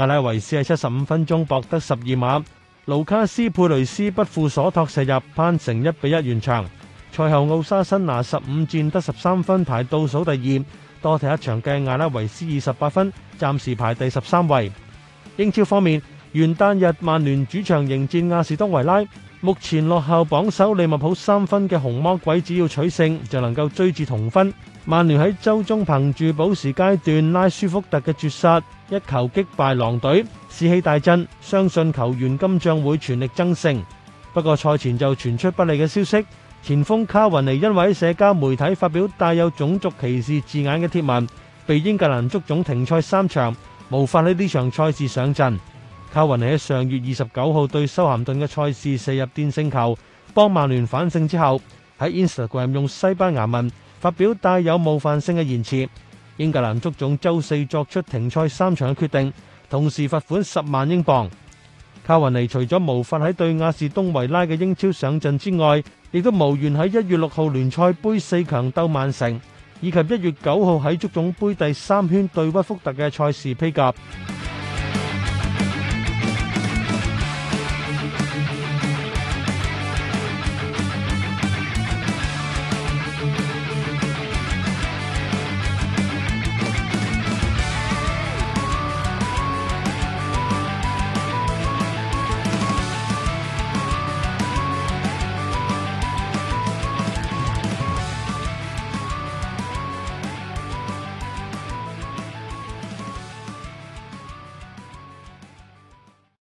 阿拉維斯喺七十五分鐘博得十二碼，盧卡斯佩雷斯不負所託射入，扳成一比一完場。賽後奧沙辛拿十五戰得十三分，排倒數第二。多踢一場嘅阿拉維斯二十八分，暫時排第十三位。英超方面，元旦日曼聯主場迎戰阿士東維拉。目前落後榜首利物浦三分嘅紅魔鬼，只要取勝就能夠追至同分。曼聯喺周中憑住補時階段拉舒福特嘅絕殺一球擊敗狼隊，士氣大振，相信球員今仗會全力爭勝。不過賽前就傳出不利嘅消息，前鋒卡雲尼因為喺社交媒體發表帶有種族歧視字眼嘅帖文，被英格蘭足總停賽三場，無法喺呢場賽事上陣。卡雲尼喺上月二十九號對修咸頓嘅賽事射入奠勝球，幫曼聯反勝之後，喺 Instagram 用西班牙文發表帶有冒犯性嘅言辭。英格蘭足總周四作出停賽三場嘅決定，同時罰款十萬英鎊。卡雲尼除咗無法喺對亞士東維拉嘅英超上陣之外，亦都無緣喺一月六號聯賽杯四強鬥曼城，以及一月九號喺足總杯第三圈對屈福特嘅賽事披甲。